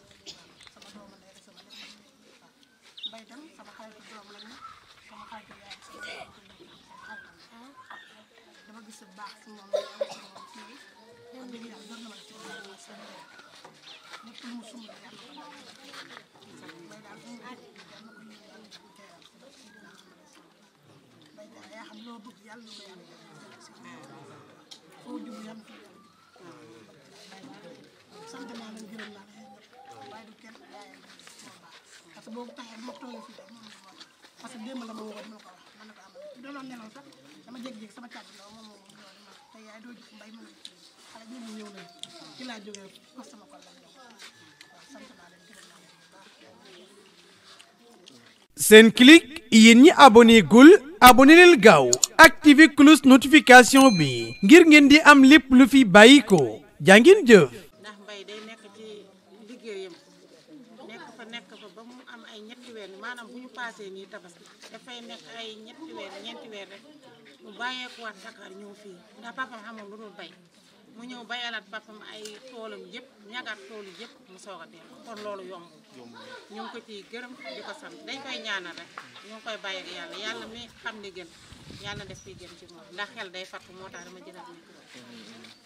sama doomu ndey sama lépp la waaw mbay dem sama xaritu doom lañ na sama xaritu yaay sama xaritam dama gis bu baax si moom moom téye kon léegi daal yor na ma ci sama lépp lu mu sumb yàq mbay daal mu dama ko yëngal mbay daal yaa xam loo bëgg yàlla lu ko yàlla yaay doo gis mbay ma xale ñi ñëw nañ ci laa jógee notification bi ngir ngeen di am lépp lu fi bàyyi ko jàngin jëf ndax mbay day mu bàyyeekuwaat Dakar ñëw fii ndax papam xamoon lu dul bay mu ñëw bayalaat papam ay toolam yëpp ñagaat toolu yëpp mu soog a dee kon loolu yomb ñu ngi ko ciy gërëm di ko sant dañ koy ñaanal rek ñu koy bàyyi yàlla yàlla mi xam ni gën yàlla def fii gën ci moom ndax xel day fàttu moo tax dama jëlaat micro